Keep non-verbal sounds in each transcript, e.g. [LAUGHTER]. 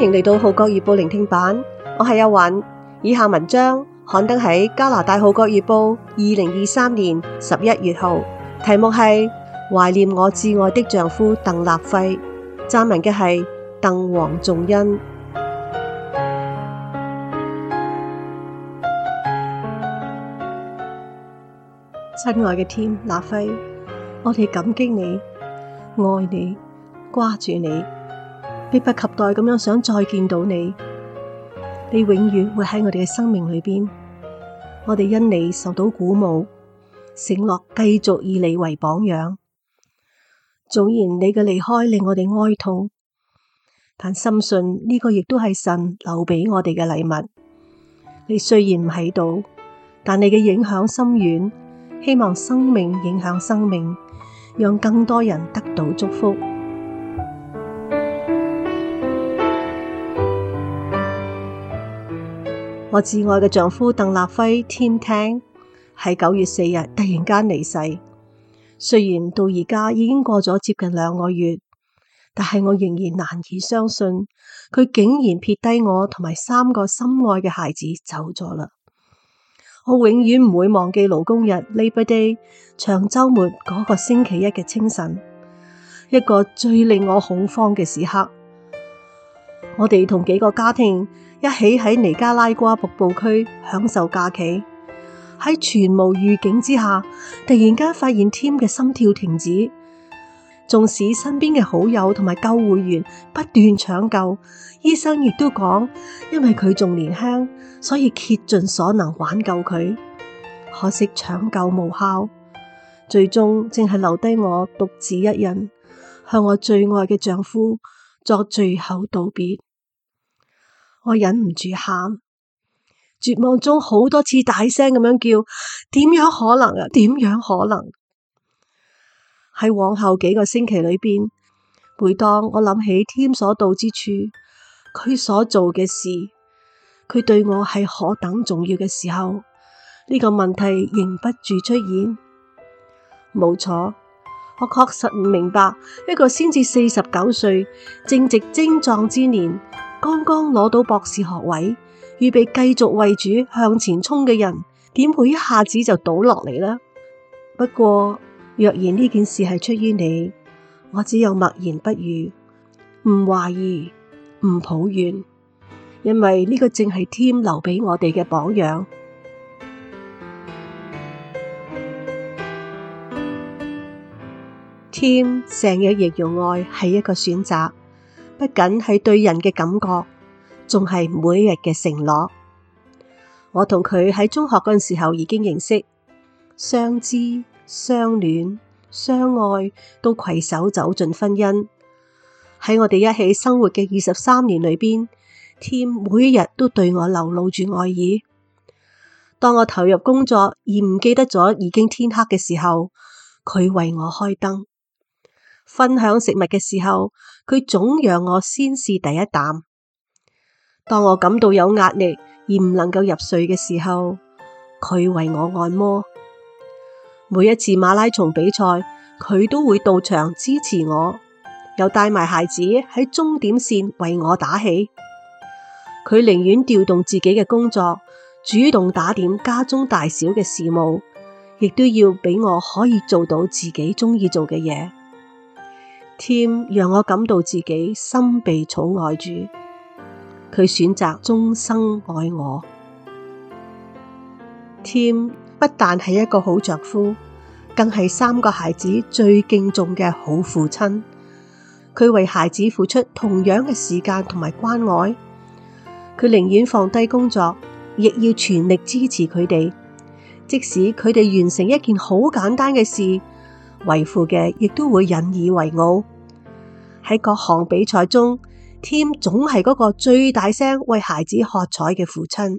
歡迎嚟到《號角月報》聆聽版，我係阿允。以下文章刊登喺加拿大《號角月報》二零二三年十一月號，題目係《懷念我摯愛的丈夫鄧立暉》，撰文嘅係鄧王仲恩。親愛嘅 Tim 立暉，我哋感激你，愛你，掛住你。迫不及待咁樣想再見到你，你永遠會喺我哋嘅生命裏邊，我哋因你受到鼓舞，承諾繼續以你為榜樣。縱然你嘅離開令我哋哀痛，但深信呢個亦都係神留畀我哋嘅禮物。你雖然唔喺度，但你嘅影響深遠，希望生命影響生命，讓更多人得到祝福。我至愛嘅丈夫鄧立輝 Tim Tang 喺九月四日突然間離世，雖然到而家已經過咗接近兩個月，但係我仍然難以相信佢竟然撇低我同埋三個心愛嘅孩子走咗啦！我永遠唔會忘記勞工日 Labor Day 長周末嗰個星期一嘅清晨，一個最令我恐慌嘅時刻，我哋同幾個家庭，一起喺尼加拉瓜瀑布區享受假期，喺全無預警之下，突然間發現 Tim 嘅心跳停止。縱使身邊嘅好友同埋救護員不斷搶救，醫生亦都講，因為佢仲年輕，所以竭盡所能挽救佢。可惜搶救無效，最終淨係留低我獨自一人，向我最愛嘅丈夫作最後道別。我忍唔住喊，絕望中好多次大聲咁樣叫，點樣可能啊？點樣可能啊？喺往後幾個星期裏邊，每當我諗起 Tim 所到之處，佢所做嘅事，佢對我係何等重要嘅時候，呢個問題仍不住出現。冇錯，我確實唔明白一個先至四十九歲，正值精壯之年。剛剛攞到博士學位，預備繼續為主向前衝嘅人，點會一下子就倒落嚟呢？不過若然呢件事係出於你，我只有默然不語，唔懷疑，唔抱怨，因為呢個正係 Tim 留畀我哋嘅榜樣。Tim 成日形容愛係一個選擇。不僅係對人嘅感覺，仲係每日嘅承諾。我同佢喺中學嗰陣時候已經認識，相知、相戀、相愛，都携手走進婚姻。喺我哋一起生活嘅二十三年裏邊，Tim 每一日都對我流露住愛意。當我投入工作而唔記得咗已經天黑嘅時候，佢為我開燈，分享食物嘅時候。佢總讓我先試第一啖。當我感到有壓力而唔能夠入睡嘅時候，佢為我按摩。每一次馬拉松比賽，佢都會到場支持我，又帶埋孩子喺終點線為我打氣。佢寧願調動自己嘅工作，主動打點家中大小嘅事務，亦都要俾我可以做到自己中意做嘅嘢。添讓我感到自己心被寵愛住，佢選擇終生愛我。添不但係一個好丈夫，更係三個孩子最敬重嘅好父親。佢為孩子付出同樣嘅時間同埋關愛，佢寧願放低工作，亦要全力支持佢哋，即使佢哋完成一件好簡單嘅事。為父嘅亦都會引以為傲，喺各項比賽中，Tim 總係嗰個最大聲為孩子喝彩嘅父親。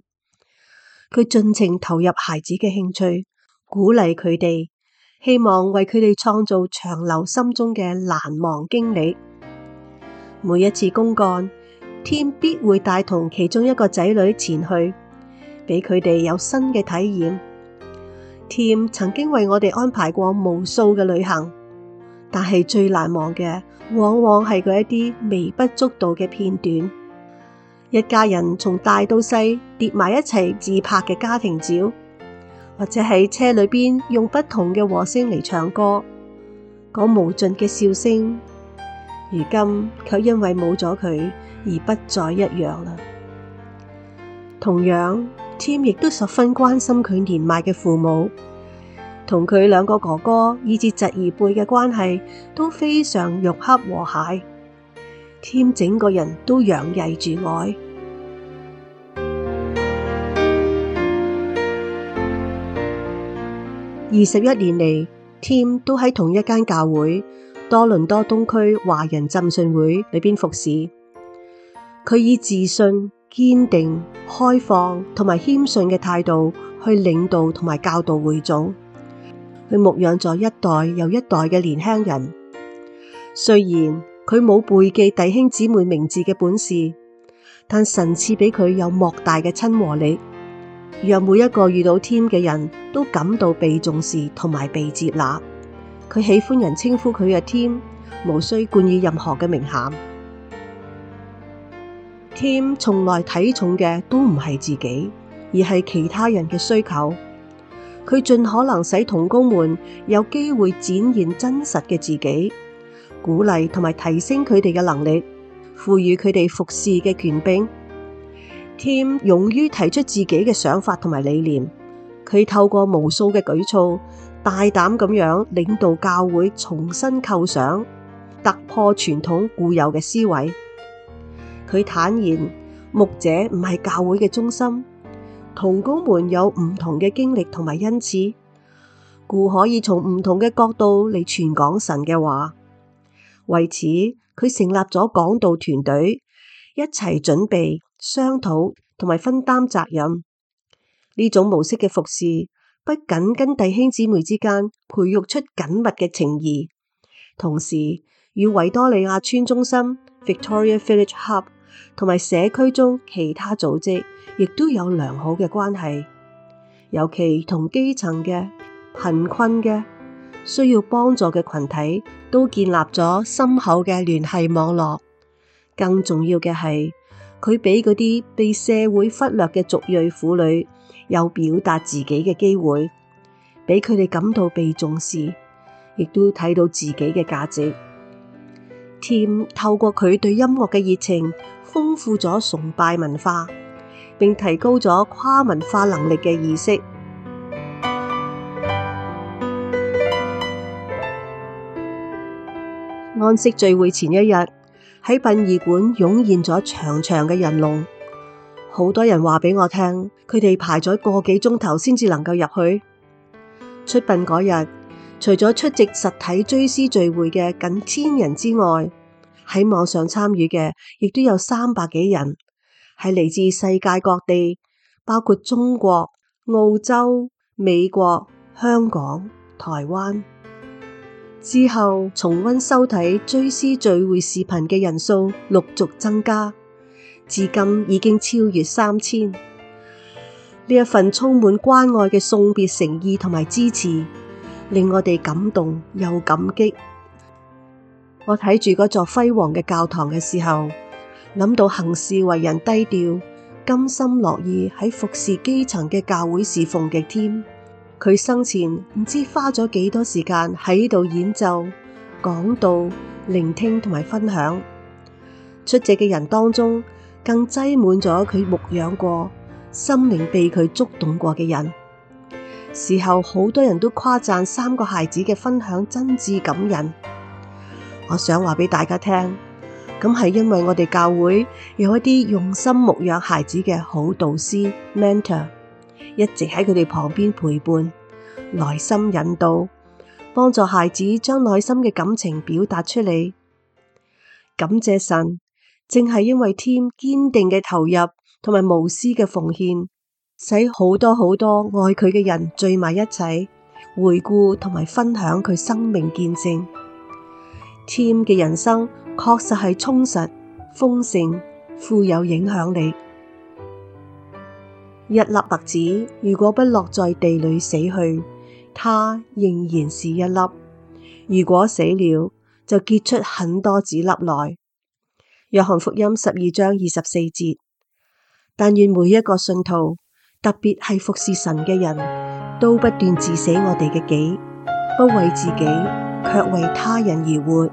佢盡情投入孩子嘅興趣，鼓勵佢哋，希望為佢哋創造長留心中嘅難忘經歷。每一次公幹，Tim 必會帶同其中一個仔女前去，俾佢哋有新嘅體驗。Tim 曾經為我哋安排過無數嘅旅行，但係最難忘嘅，往往係佢一啲微不足道嘅片段，一家人從大到細疊埋一齊自拍嘅家庭照，或者喺車裏邊用不同嘅和聲嚟唱歌，講無盡嘅笑聲。如今卻因為冇咗佢而不再一樣啦。同樣。添亦都十分關心佢年邁嘅父母，同佢兩個哥哥以至侄兒輩嘅關係都非常融洽和諧。添整個人都洋溢住愛。二十一年嚟，添都喺同一間教會多倫多東區華人浸信會裏邊服侍。佢以自信。堅定、開放同埋謙遜嘅態度去領導同埋教導會眾，去牧養咗一代又一代嘅年輕人。雖然佢冇背記弟兄姊妹名字嘅本事，但神賜俾佢有莫大嘅親和力，讓每一個遇到 Tim 嘅人都感到被重視同埋被接納。佢喜歡人稱呼佢嘅 Tim，無需冠以任何嘅名銜。Tim 從來睇重嘅都唔係自己，而係其他人嘅需求。佢盡可能使同工們有機會展現真實嘅自己，鼓勵同埋提升佢哋嘅能力，賦予佢哋服侍嘅權柄。Tim 勇於提出自己嘅想法同埋理念，佢透過無數嘅舉措，大膽咁樣領導教會重新構想，突破傳統固有嘅思維。佢坦言，牧者唔係教會嘅中心，同工們有唔同嘅經歷同埋恩賜，故可以從唔同嘅角度嚟傳講神嘅話。為此，佢成立咗講道團隊，一齊準備、商討同埋分擔責任。呢種模式嘅服侍，不僅跟弟兄姊妹之間培育出緊密嘅情誼，同時與維多利亞村中心 （Victoria Village Hub） 同埋社區中其他組織亦都有良好嘅關係，尤其同基層嘅貧困嘅需要幫助嘅群體都建立咗深厚嘅聯繫網絡。更重要嘅係，佢俾嗰啲被社會忽略嘅族裔婦女有表達自己嘅機會，俾佢哋感到被重視，亦都睇到自己嘅價值。Tim 透過佢對音樂嘅熱情，豐富咗崇拜文化，並提高咗跨文化能力嘅意識。 [MUSIC] 安息聚會前一日，喺殯儀館湧現咗長長嘅人龍，好多人話畀我聽，佢哋排咗個幾鐘頭先至能夠入去。出殯嗰日，除咗出席實體追思聚會嘅近千人之外，喺網上參與嘅，亦都有三百幾人，係嚟自世界各地，包括中國、澳洲、美國、香港、台灣。之後重温收睇追思聚會視頻嘅人數陸續增加，至今已經超越三千。呢一份充滿關愛嘅送別誠意同埋支持，令我哋感動又感激。我睇住嗰座輝煌嘅教堂嘅時候，諗到行事為人低調、甘心樂意喺服侍基層嘅教會侍奉嘅 Tim。佢生前唔知花咗幾多時間喺度演奏、講道、聆聽同埋分享。出席嘅人當中，更擠滿咗佢牧養過、心靈被佢觸動過嘅人。事後好多人都誇讚三個孩子嘅分享真摯感人。我想話俾大家聽，咁係因為我哋教會有一啲用心牧養孩子嘅好導師 mentor，一直喺佢哋旁邊陪伴、耐心引導，幫助孩子將內心嘅感情表達出嚟。感謝神，正係因為添 e 堅定嘅投入同埋無私嘅奉獻，使好多好多愛佢嘅人聚埋一齊，回顧同埋分享佢生命見證。謙嘅人生確實係充實、豐盛、富有影響力。一粒麥子如果不落在地裏死去，它仍然是一粒；如果死了，就結出很多子粒來。約翰福音十二章二十四節。但願每一個信徒，特別係服侍神嘅人，都不斷自死我哋嘅己，不為自己，卻為他人而活。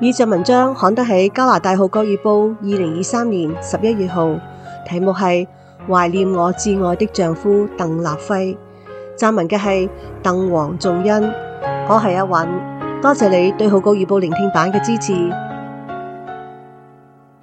以上文章刊登喺加拿大《號角月報》二零二三年十一月號，題目係《懷念我摯愛的丈夫鄧立暉》，撰文嘅係鄧王仲恩。我係阿韻，多謝，謝你對《號角月報》聆聽版嘅支持。